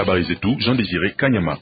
Habari zetu Jean Désiré Kanyama.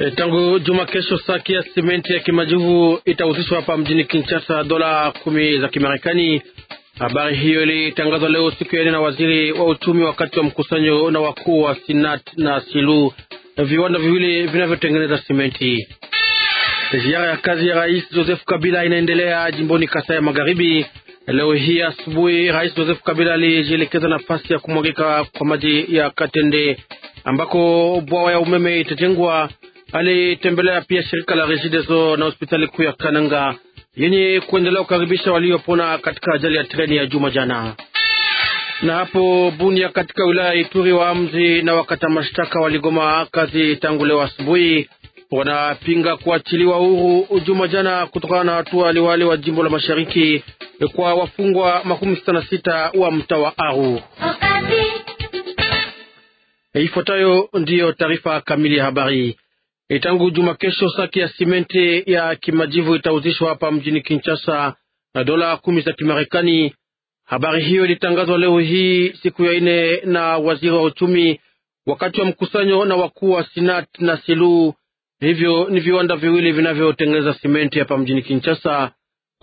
E, tangu juma kesho saki ya simenti ya kimajivu itauzishwa hapa mjini Kinshasa dola kumi za Kimarekani. Habari hiyo ilitangazwa leo siku ya nne na waziri wa uchumi wakati wa mkusanyo na wakuu wa Sinat na Silu, viwanda viwili vinavyotengeneza simenti. Ziara ya kazi ya Rais Joseph Kabila inaendelea jimboni Kasai ya Magharibi. Leo hii asubuhi Rais Joseph Kabila alijielekeza nafasi ya kumwagika kwa maji ya Katende ambako bwawa ya umeme itajengwa. Alitembelea pia shirika la Regideso na hospitali kuu ya Kananga yenye kuendelea kukaribisha waliopona katika ajali ya treni ya juma jana. Na hapo Bunia katika wilaya ya Ituri, waamzi na wakata mashtaka waligoma kazi tangu leo asubuhi. Wanapinga kuachiliwa huru juma jana kutokana na hatua liwali wa jimbo la mashariki kwa wafungwa makumi sita na sita wa mtaa wa Aru. Ifuatayo ndiyo taarifa kamili ya habari. E, tangu juma kesho, saki ya simenti ya kimajivu itauzishwa hapa mjini Kinshasa na dola kumi za Kimarekani. Habari hiyo ilitangazwa leo hii siku ya ine na waziri wa uchumi wakati wa mkusanyo na wakuu wa Sinat na Silu. Hivyo ni viwanda viwili vinavyotengeneza simenti hapa mjini Kinshasa.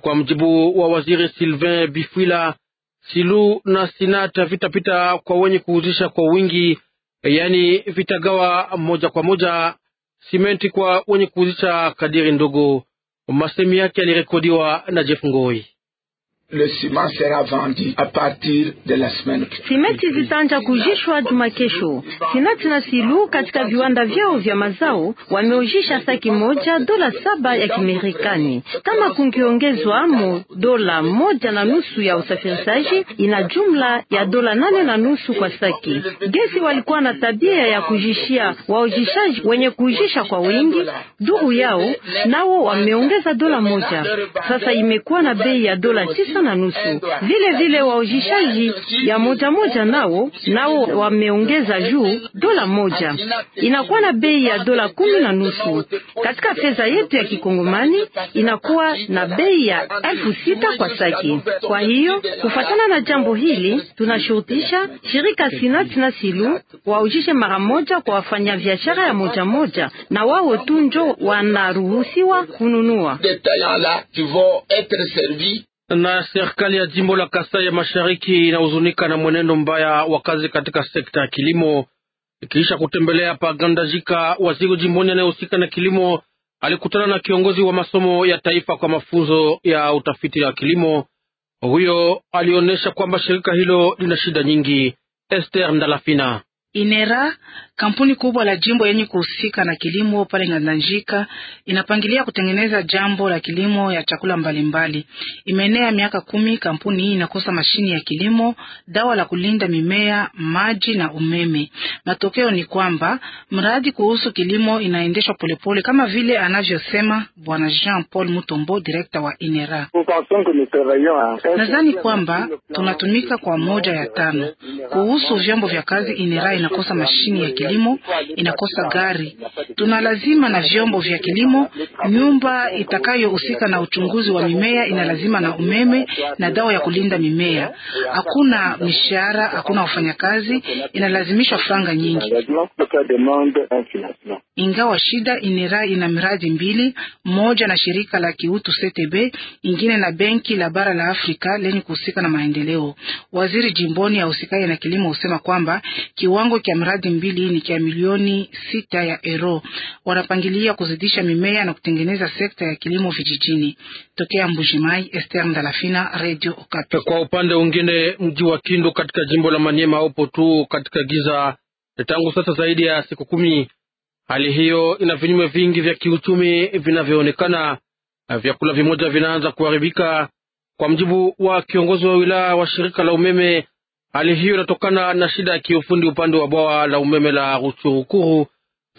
Kwa mjibu wa waziri Sylvain Bifwila, Silu na Sinata vitapita kwa wenye kuuzisha kwa wingi, yaani vitagawa moja kwa moja simenti kwa wenye kuuzisha kadiri ndogo. Masemi yake yalirekodiwa na Jeff Ngoi le ciment sera vendu à partir de la semaine. Simeti zitanja kujishwa juma kesho. Sinati na Silu katika viwanda vyao vya mazao wameujisha saki moja dola saba ya kimerikani Kama kungiongezwa mo dola moja na nusu ya usafirishaji, ina jumla ya dola nane na nusu kwa saki. Gesi walikuwa na tabia ya kujishia waujishaji wenye kujisha kwa wingi dugu yao, nao wameongeza dola moja. Sasa imekuwa na bei ya dola tisa na nusu. Vile vile wauzishaji ya moja moja nao nao wameongeza juu dola moja, inakuwa na bei ya dola kumi na nusu. Katika fedha yetu ya kikongomani inakuwa na bei ya elfu sita kwa saki. Kwa hiyo kufatana na jambo hili, tunashurutisha shirika Sinat na Silu waujishe mara moja kwa wafanya wafanyabiashara ya moja moja, na wao tu njo wanaruhusiwa kununua na serikali ya jimbo la Kasai ya Mashariki inahuzunika na mwenendo mbaya wa kazi katika sekta ya kilimo. ikiisha kutembelea Pagandajika, waziri jimboni anayehusika na kilimo alikutana na kiongozi wa masomo ya taifa kwa mafunzo ya utafiti wa kilimo. Huyo alionyesha kwamba shirika hilo lina shida nyingi. Esther Ndalafina Inera kampuni kubwa la jimbo yenye kuhusika na kilimo pale Nganjika, inapangilia kutengeneza jambo la kilimo ya chakula mbalimbali. Imeenea miaka kumi, kampuni hii inakosa mashini ya kilimo, dawa la kulinda mimea, maji na umeme. Matokeo ni kwamba mradi kuhusu kilimo inaendeshwa polepole, kama vile anavyosema Bwana Jean Paul Mutombo, direkta wa Inera. Nadhani kwamba tunatumika kwa moja ya tano kuhusu vyombo vya kazi Inera inakosa mashini ya kilimo, inakosa gari. Tuna lazima na vyombo vya kilimo. Nyumba itakayohusika na uchunguzi wa mimea ina lazima na umeme na dawa ya kulinda mimea. Hakuna mishahara, hakuna wafanyakazi, inalazimishwa franga nyingi. Ingawa shida inera ina miradi mbili, moja na shirika la kiutu CTB, ingine na benki la bara la Afrika lenye kuhusika na maendeleo. Waziri jimboni ya usikaye na kilimo husema kwamba kiwango Kiwango cha mradi mbili ni cha milioni sita ya euro. Wanapangilia kuzidisha mimea na kutengeneza sekta ya kilimo vijijini. Tokea Mbujimai, Esther Ndalafina, Radio Okapi. Kwa upande mwingine, mji wa Kindu katika jimbo la Maniema upo tu katika giza tangu sasa zaidi ya siku kumi. Hali hiyo ina vinyume vingi vya kiuchumi vinavyoonekana. Vyakula vimoja vinaanza kuharibika. Kwa mjibu wa kiongozi wa wilaya wa shirika la umeme Hali hiyo inatokana na shida ya kiufundi upande wa bwawa la umeme la Ruchurukuru,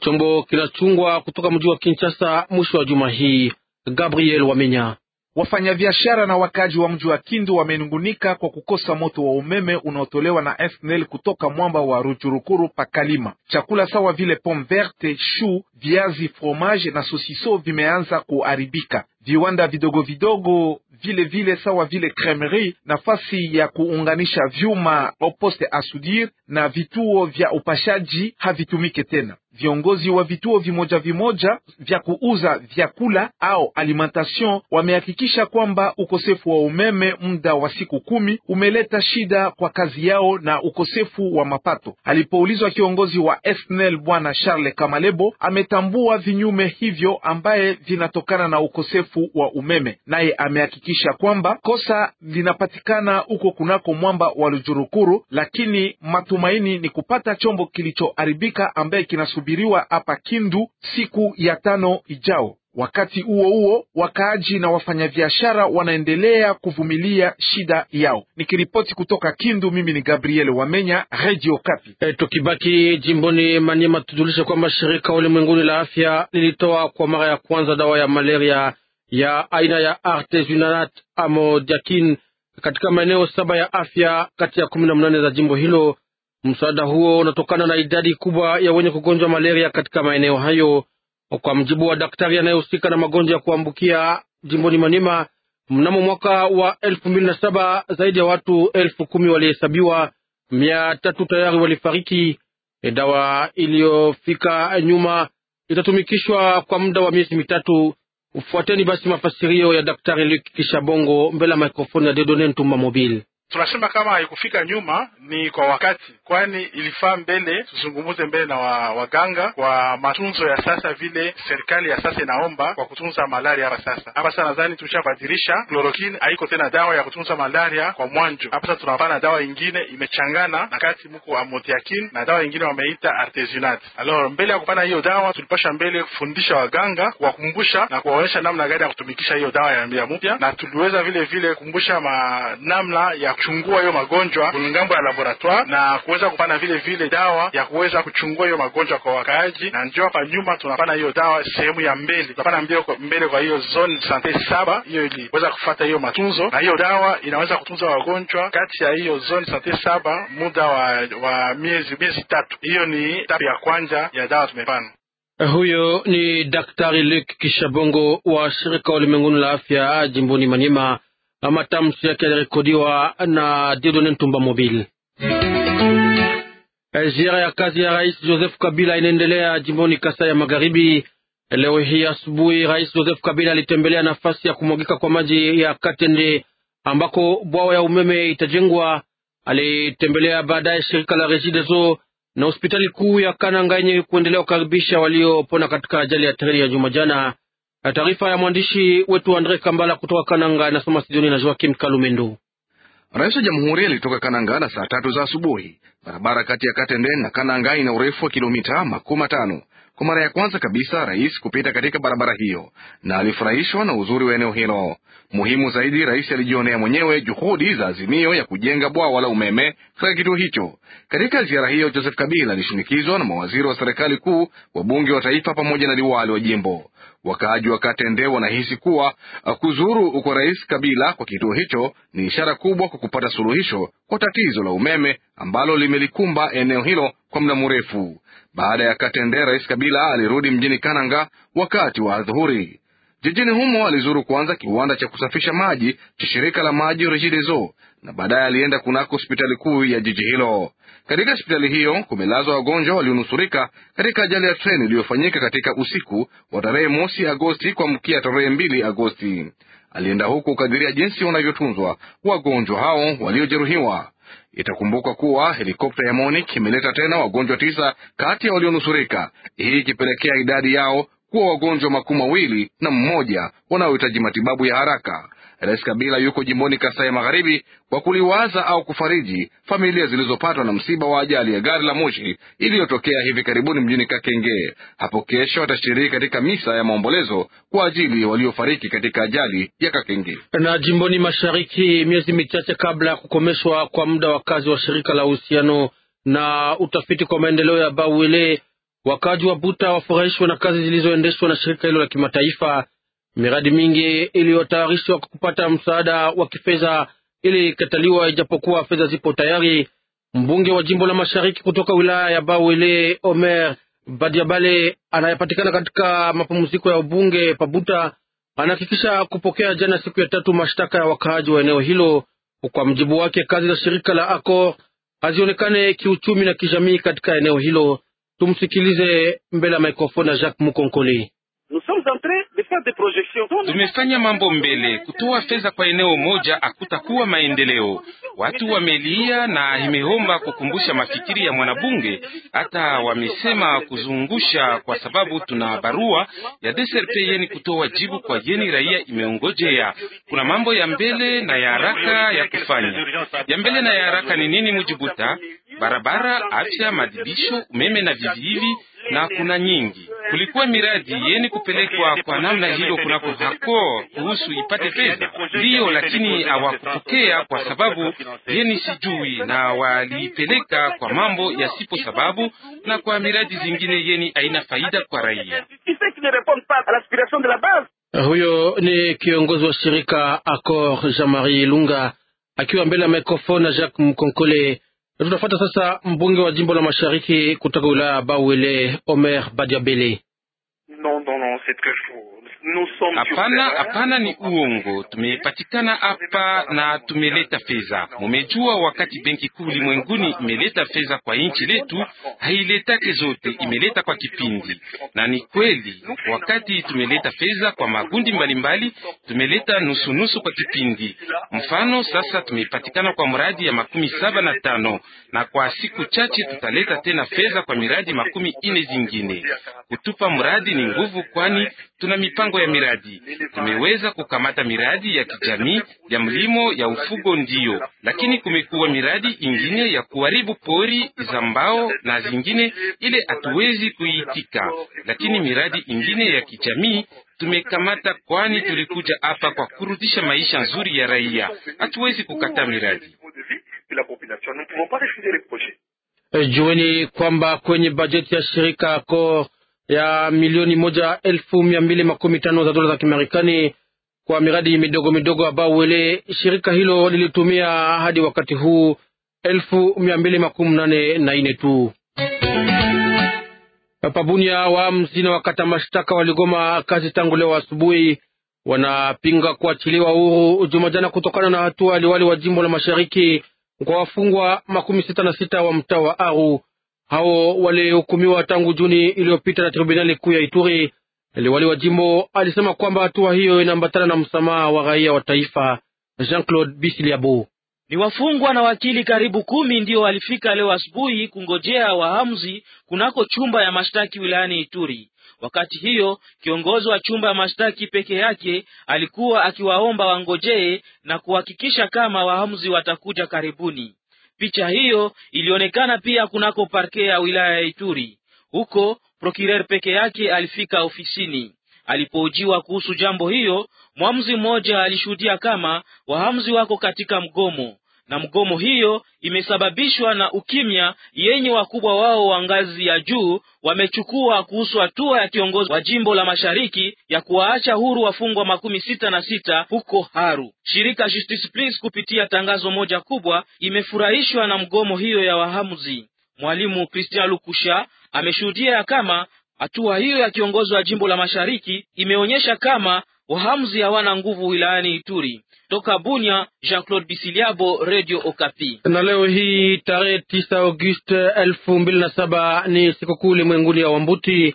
chombo kinachungwa kutoka mji wa Kinshasa mwisho wa juma hii. Gabriel Wamenya. Wafanyabiashara na wakaji wa mji wa Kindu wamenungunika kwa kukosa moto wa umeme unaotolewa na SNEL kutoka mwamba wa Ruchurukuru pakalima. Chakula sawa vile pomme verte, chou, viazi, fromage na sosiso vimeanza kuharibika. Viwanda vidogo vidogo vile vile sawa vile kremeri, nafasi ya kuunganisha vyuma oposte asudir na vituo vya upashaji havitumike tena viongozi wa vituo vimoja vimoja vya kuuza vyakula au alimentation wamehakikisha kwamba ukosefu wa umeme muda wa siku kumi umeleta shida kwa kazi yao na ukosefu wa mapato. Alipoulizwa kiongozi wa SNEL Bwana Charles Kamalebo ametambua vinyume hivyo ambaye vinatokana na ukosefu wa umeme, naye amehakikisha kwamba kosa linapatikana huko kunako mwamba wa Lujurukuru, lakini matumaini ni kupata chombo kilichoharibika ambaye kinasubiri kutabiriwa hapa Kindu siku ya tano ijao. Wakati huo huo, wakaaji na wafanyabiashara wanaendelea kuvumilia shida yao. Nikiripoti kutoka Kindu, mimi ni Gabriel Wamenya, Radio Kapi. E, tukibaki jimboni Maniema, tujulishe kwamba shirika ulimwenguni la afya lilitoa kwa mara ya kwanza dawa ya malaria ya aina ya artesunate amodiakin katika maeneo saba ya afya kati ya kumi na mnane za jimbo hilo Msaada huo unatokana na idadi kubwa ya wenye kugonjwa malaria katika maeneo hayo, kwa mjibu wa daktari anayehusika na magonjwa ya kuambukia jimboni Manima. Mnamo mwaka wa elfu mbili na saba zaidi ya watu elfu kumi walihesabiwa, mia tatu tayari walifariki. Dawa iliyofika nyuma itatumikishwa kwa muda wa miezi mitatu. Ufuateni basi mafasirio ya daktari Luc Kishabongo mbele ya mikrofoni ya Dedone Ntumba Mobile tunasema kama haikufika nyuma ni kwa wakati, kwani ilifaa mbele tuzungumuze mbele na wa, waganga kwa matunzo ya sasa, vile serikali ya sasa inaomba kwa kutunza malaria hapa sasa. Hapa sasa nadhani tushabadilisha, klorokini haiko tena dawa ya kutunza malaria kwa mwanjo. Hapa sasa tunapana dawa ingine imechangana na kati muko amotiakin na dawa ingine wameita artesunate. Alors mbele ya kupana hiyo dawa tulipasha mbele kufundisha waganga, kuwakumbusha na kuwaonyesha namna gani ya kutumikisha hiyo dawa ya mpya, na tuliweza vile vile kukumbusha namna ya kuchungua hiyo magonjwa kwenye ngambo ya laboratoire na kuweza kupana vile vile dawa ya kuweza kuchungua hiyo magonjwa kwa wakaaji, na ndio hapa nyuma tunapana hiyo dawa sehemu ya mbele, tunapana mbele kwa hiyo zone sante saba, hiyo iliweza kufata hiyo matunzo, na hiyo dawa inaweza kutunza wagonjwa kati ya hiyo zone sante saba muda wa, wa miezi miezi tatu. Hiyo ni tapu ya kwanza ya dawa tumepana. Huyo ni Daktari Luke Kishabongo wa shirika ulimwenguni la afya jimboni Manyema Matamshi yake yalirekodiwa na Dieudonne Ntumba Mobile. Ziara ya kazi ya rais Joseph Kabila inaendelea jimboni Kasai ya Magharibi. Leo hii asubuhi, rais Joseph Kabila alitembelea nafasi ya kumwagika kwa maji ya Katende ambako bwawa ya umeme itajengwa. Alitembelea baadaye shirika la Regideso na hospitali kuu ya Kananga yenye kuendelea kukaribisha waliopona katika ajali ya treni ya juma jana. Taarifa ya mwandishi wetu Andre Kambala kutoka Kananga inasoma studioni na Joakim Kalumendo. Rais wa jamhuri alitoka Kananga na saa tatu za asubuhi. Barabara kati ya Katenden na Kananga ina urefu wa kilomita makumi matano kwa mara ya kwanza kabisa rais kupita katika barabara hiyo, na alifurahishwa na uzuri wa eneo hilo. Muhimu zaidi, rais alijionea mwenyewe juhudi za Azimio ya kujenga bwawa la umeme katika kituo hicho. Katika ziara hiyo, Joseph Kabila alishinikizwa na mawaziri wa serikali kuu, wabunge wa taifa pamoja na liwali wa jimbo. Wakaaji wa Katende wanahisi kuwa ah, kuzuru kwa rais Kabila kwa kituo hicho ni ishara kubwa kwa kupata suluhisho kwa tatizo la umeme ambalo limelikumba eneo hilo kwa muda mrefu. Baada ya Katende, Rais Kabila alirudi mjini Kananga wakati wa adhuhuri. Jijini humo alizuru kwanza kiwanda cha kusafisha maji cha shirika la maji Regideso na baadaye alienda kunako hospitali kuu ya jiji hilo. Katika hospitali hiyo kumelazwa wagonjwa walionusurika katika ajali ya treni iliyofanyika katika usiku wa tarehe mosi Agosti kuamkia tarehe mbili Agosti. Alienda huko kukadhiria jinsi wanavyotunzwa wagonjwa hao waliojeruhiwa. Itakumbuka kuwa helikopta ya MONIK imeleta tena wagonjwa tisa kati ya walionusurika, hii ikipelekea idadi yao kuwa wagonjwa makuu mawili na mmoja wanaohitaji matibabu ya haraka. Rais Kabila yuko jimboni Kasai Magharibi kwa kuliwaza au kufariji familia zilizopatwa na msiba wa ajali ya gari la moshi iliyotokea hivi karibuni mjini Kakenge. Hapo kesho atashiriki katika misa ya maombolezo kwa ajili waliofariki katika ajali ya Kakenge. Na jimboni Mashariki, miezi michache kabla ya kukomeshwa kwa muda wa kazi wa shirika la uhusiano na utafiti kwa maendeleo ya Bawele, wakaji wa Buta wafurahishwa na kazi zilizoendeshwa na shirika hilo la kimataifa Miradi mingi iliyotayarishwa kwa kupata msaada wa kifedha ilikataliwa, ijapokuwa fedha zipo tayari. Mbunge wa jimbo la mashariki kutoka wilaya ya Bawele, Omer Badiabale, anayepatikana katika mapumziko ya ubunge Pabuta, anahakikisha kupokea jana siku ya tatu mashtaka ya wakaaji wa eneo hilo. Kwa mjibu wake, kazi za shirika la Accor hazionekane kiuchumi na kijamii katika eneo hilo. Tumsikilize mbele ya mikrofoni ya Jacques Mukonkoli. Tumefanya mambo mbele. Kutoa fedha kwa eneo moja hakutakuwa maendeleo. Watu wamelia na imeomba kukumbusha mafikiri ya mwanabunge, hata wamesema kuzungusha, kwa sababu tuna barua ya DSRP yeni kutoa jibu kwa yeni raia imeongojea. Kuna mambo ya mbele na ya haraka ya kufanya. Ya mbele na ya haraka ni nini? Mujibuta, barabara, afya, madibisho, umeme na vivihivi, na kuna nyingi kulikuwa miradi yeni kupelekwa kwa namna hilo kunako hako kuhusu ipate pesa ndiyo, lakini hawakupokea kwa sababu yeni sijui, na waliipeleka kwa mambo yasipo sababu na kwa miradi zingine yeni haina faida kwa raia. Huyo ni kiongozi wa shirika Accord Jean-Marie Lunga akiwa mbele ya mikrofoni na Jacques Mkonkole Tunafuata sasa mbunge wa jimbo la mashariki kutoka wilaya ya Bawele, Omer Badiabele. non, non, non, c'est très Hapana, hapana, ni uongo. Tumepatikana hapa na tumeleta fedha. Mumejua, wakati benki kuu limwenguni imeleta fedha kwa nchi letu, hailetake zote, imeleta kwa kipindi. Na ni kweli, wakati tumeleta fedha kwa magundi mbalimbali, tumeleta nusunusu kwa kipindi. Mfano, sasa tumepatikana kwa mradi ya makumi saba na tano na kwa siku chache tutaleta tena fedha kwa miradi makumi ine zingine. Kutupa mradi ni nguvu, kwani tuna mipango ya miradi. Tumeweza kukamata miradi ya kijamii ya mlimo ya ufugo ndiyo, lakini kumekuwa miradi ingine ya kuharibu pori za mbao na zingine ile hatuwezi kuitika, lakini miradi ingine ya kijamii tumekamata, kwani tulikuja hapa kwa kurudisha maisha nzuri ya raia. Hatuwezi kukata miradi. Eh, jueni kwamba kwenye bajeti ya shirika Accor ya milioni moja elfu mia mbili makumi tano za dola za Kimarekani kwa miradi midogo midogo ambao wele shirika hilo lilitumia hadi wakati huu elfu mia mbili makumi nane na ine tu. Pabunia waamzi na wakata mashtaka waligoma kazi tangu leo asubuhi, wanapinga kuachiliwa huru Jumajana kutokana na hatua aliwali wa jimbo la mashariki kwa wafungwa makumi sita na sita wa mtaa wa Aru hao walihukumiwa tangu Juni iliyopita na tribunali kuu ya Ituri. Liwali wa jimbo alisema kwamba hatua hiyo inaambatana na msamaha wa raia wa taifa. Jean-Claude Bisiliabo ni wafungwa na wakili karibu kumi ndio walifika leo asubuhi kungojea wahamzi kunako chumba ya mashtaki wilayani Ituri. Wakati hiyo kiongozi wa chumba ya mashtaki peke yake alikuwa akiwaomba wangojee na kuhakikisha kama wahamzi watakuja karibuni. Picha hiyo ilionekana pia kunako parke ya wilaya ya Ituri. Huko prokirer peke yake alifika ofisini. Alipohojiwa kuhusu jambo hiyo, mwamuzi mmoja alishuhudia kama wahamzi wako katika mgomo na mgomo hiyo imesababishwa na ukimya yenye wakubwa wao wa ngazi ya juu wamechukua kuhusu hatua ya kiongozi wa jimbo la mashariki ya kuwaacha huru wafungwa makumi sita na sita huko Haru. Shirika Justice Please kupitia tangazo moja kubwa imefurahishwa na mgomo hiyo ya wahamuzi. Mwalimu Christian Lukusha ameshuhudia ya kama hatua hiyo ya kiongozi wa jimbo la mashariki imeonyesha kama Wahamzi hawana nguvu wilayani Ituri. Toka Bunya, Jean Claude Bisiliabo, Radio Okapi. Na leo hii tarehe tisa Agosti elfu mbili na saba ni sikukuu ulimwenguni ya Wambuti.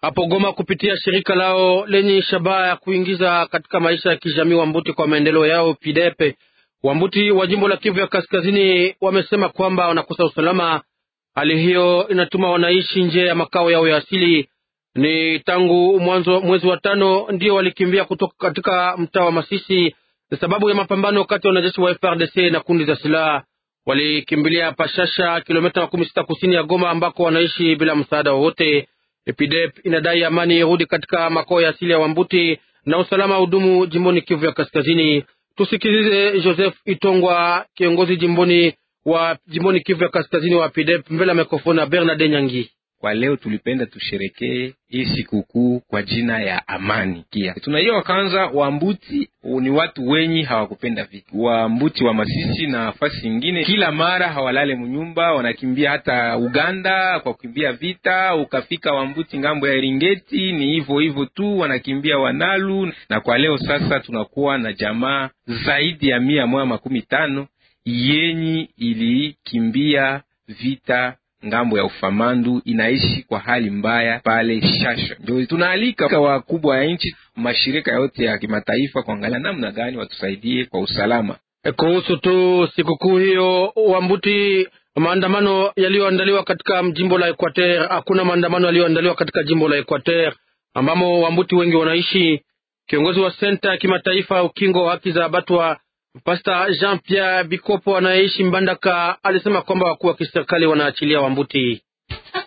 Hapo Goma, kupitia shirika lao lenye shabaha ya kuingiza katika maisha ya kijamii Wambuti kwa maendeleo yao Pidepe, Wambuti wa jimbo la Kivu ya Kaskazini wamesema kwamba wanakosa usalama. Hali hiyo inatuma wanaishi nje ya makao yao ya asili ni tangu mwanzo mwezi wa tano ndio walikimbia kutoka katika mtaa wa Masisi sababu ya mapambano kati ya wanajeshi wa FRDC na kundi za silaha. Walikimbilia Pashasha, kilomita makumi sita kusini ya Goma, ambako wanaishi bila msaada wowote. EPIDEP inadai amani irudi katika makao ya asili ya Wambuti na usalama udumu jimboni Kivu ya Kaskazini. Tusikilize Joseph Itongwa, kiongozi jimboni wa jimboni Kivu ya Kaskazini wa PIDEP mbele ya mikrofoni ya Bernard Nyangi. Kwa leo tulipenda tusherekee hii sikukuu kwa jina ya amani. Kia tunaiya kwanza, Wambuti ni watu wenyi hawakupenda vita. Wambuti wa Masisi na fasi ingine, kila mara hawalale munyumba, wanakimbia hata Uganda kwa kukimbia vita. Ukafika Wambuti ngambo ya Eringeti ni hivyo hivyo tu, wanakimbia Wanalu. Na kwa leo sasa tunakuwa na jamaa zaidi ya mia moya makumi tano yenyi ilikimbia vita ngambo ya Ufamandu inaishi kwa hali mbaya pale Shasha. Ndio tunaalika wakubwa ya nchi, mashirika yote ya kimataifa kuangalia namna gani watusaidie kwa usalama. E, kuhusu tu sikukuu hiyo Wambuti, maandamano yaliyoandaliwa katika jimbo la Equateur, hakuna maandamano yaliyoandaliwa katika jimbo la Equateur ambamo Wambuti wengi wanaishi. Kiongozi wa senta ya kimataifa ukingo wa haki za Batwa Pasta Jean Pierre Bikopo anayeishi Mbandaka alisema kwamba wakuu wa kiserikali wanaachilia Wambuti. Ah,